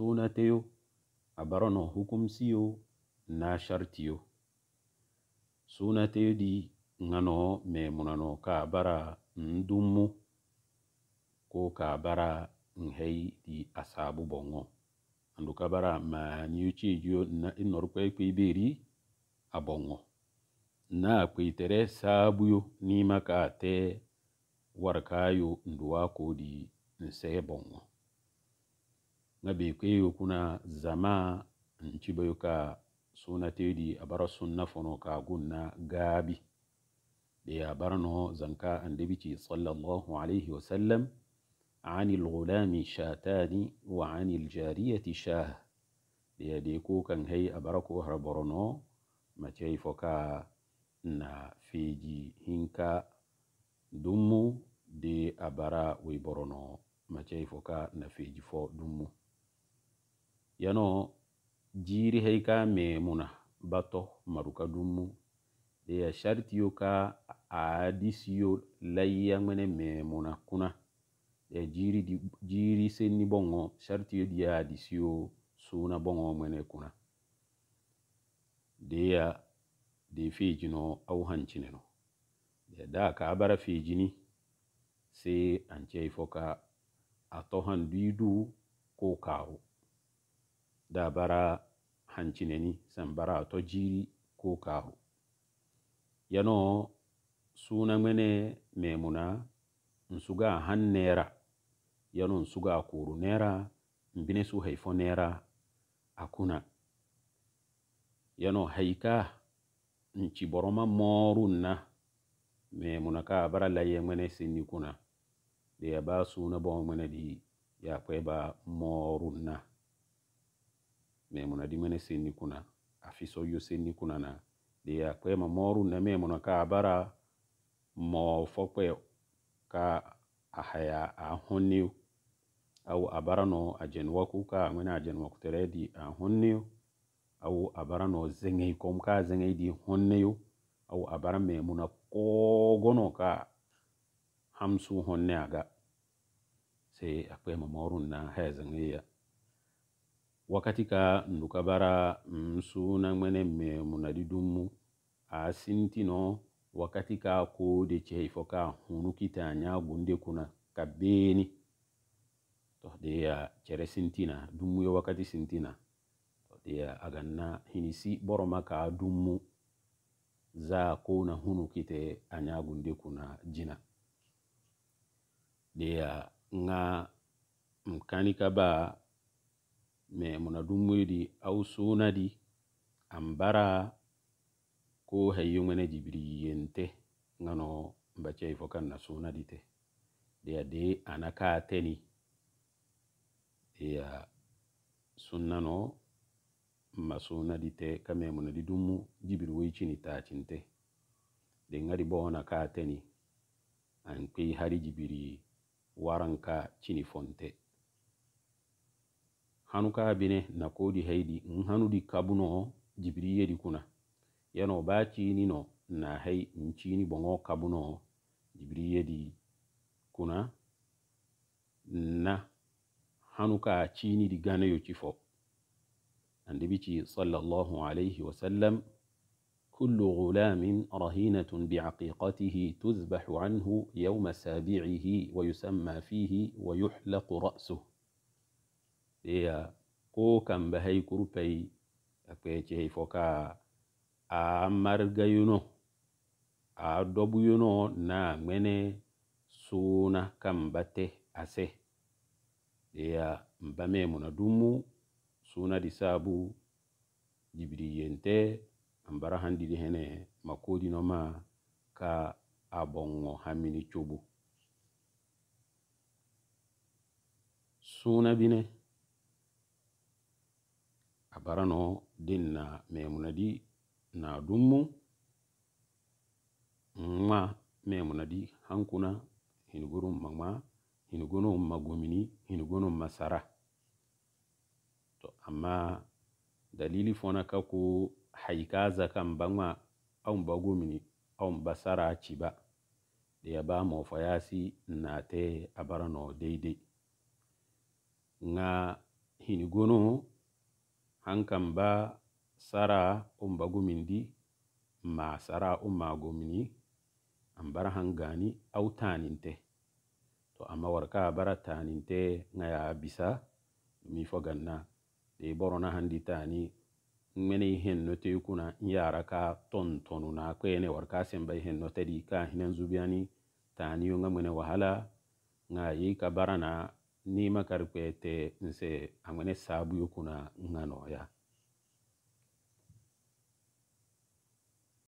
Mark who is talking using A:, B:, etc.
A: suna teo a barano hukumsiyo na shartiyo suna teo di ngano me munano ka bara ndumu ko ka bara nhei di asabu bongo andu ka bara ma niuchijiyo na inorukwe kwibiri abongo na kwitere sabuyo nima ka te warkayo nduwa di nse bongo na bekwe kuna zama bai ka suna tedi a bara suna fono ka gunna gabi da ya bara no zanka an debici sallallahu alaihi wasallam ani lulami shatani wa ani jariyati shah da ya de ko kan hai a bara ko har borno mace foka na feji hinka Dumu de a bara wai borno mace na feji fo dumu. yano jiri hei ka memuna bato maruka dummu deya shartiyo ka aadisiyo layya mene memuna kuna deya jiri, di, jiri senni bongo shartiyo di aadisiyo suna bongo mene kuna deya de fijino au hancineno deya da ka abara fijini se anchei foka atohan duidu ko kawo da bara hancineni san bara to jiri ko kahu yano suna mene memuna nsuga han nera yano nsuga kuru nera mbine su haifo nera akuna yano haika nci boroma morun na memuna ka bara laye mene sinni kuna da ya ba suna bon mene di ya kwai ba morun na memono adi mene senni kuna afisoyo senni kuna na de kwe ma moru na memono ka bara mo fokwe ka ahaya ahoniu au abarano ajenwa kuka mwena ajenwa kuteredi ahoniu au abarano zengei kom ka zengei di honneyu au abara memuna kogono ka hamsu honne aga sai akwai mamorun na haya ya wakati ka ndukabara msuna mwene mme munadidumu a sintino wakkati ka ko de cei fo ka hunu kita gunde kuna ka beni to deya cere sintina dummu yo wakkati sintina to deya aganna hinisi boroma ka dummu za kona hunu kite a gunde kuna jina deya nga mkanika ba me muna dummuyidi au sunadi ambara ko hayyumene jibiriyente ngano mbacai fokan na sunadi te deya de anaka teni deya sunnano ma sunadi te kame muna di dummu jibiri wicini tacinte de ngari bona ka teni an kwi hari jibiri waranka cini fonte hanuka bine na kodi haidi in hanu di kabuno jibiri yedi kuna yano ba chini no na hai in cini bongo kabuno jibiri yedi kuna na hanuka chini di gane yo cifo bichi sallallahu alayhi wa sallam كل غلام رهينة بعقيقته تذبح عنه يوم سابعه ويسمى فيه ويحلق رأسه ya ko ba hay kurpey akpece hey foka a marga yuno a dobu yuno na mene suna a ase ya mbame muna dumu suna disabu jibriyente ambara di hene no ma ka abongo hamini cubu suna bine abarano dinna memunadi na dummu ma memunadi hankuna hinugonum mama hinugonum magomini hinugonum masara to amma dalili fona ka ku haikaza kan banma aun bagomini aun basara ciba daya ba mofayasi na te abarano daidai nga hinugonum hankamba sara umba gumindi ma sara umma gumini bar hangani au taninte to amma warka bara taninte ngaya bisa mi foganna de borona handi tani mene no te kuna yara ka ton tonu na kwene warka hen henno te di ka hinan zubiani tani yunga mene wahala yi ka barana nima karkwete nse amene sabu yokuna nganoya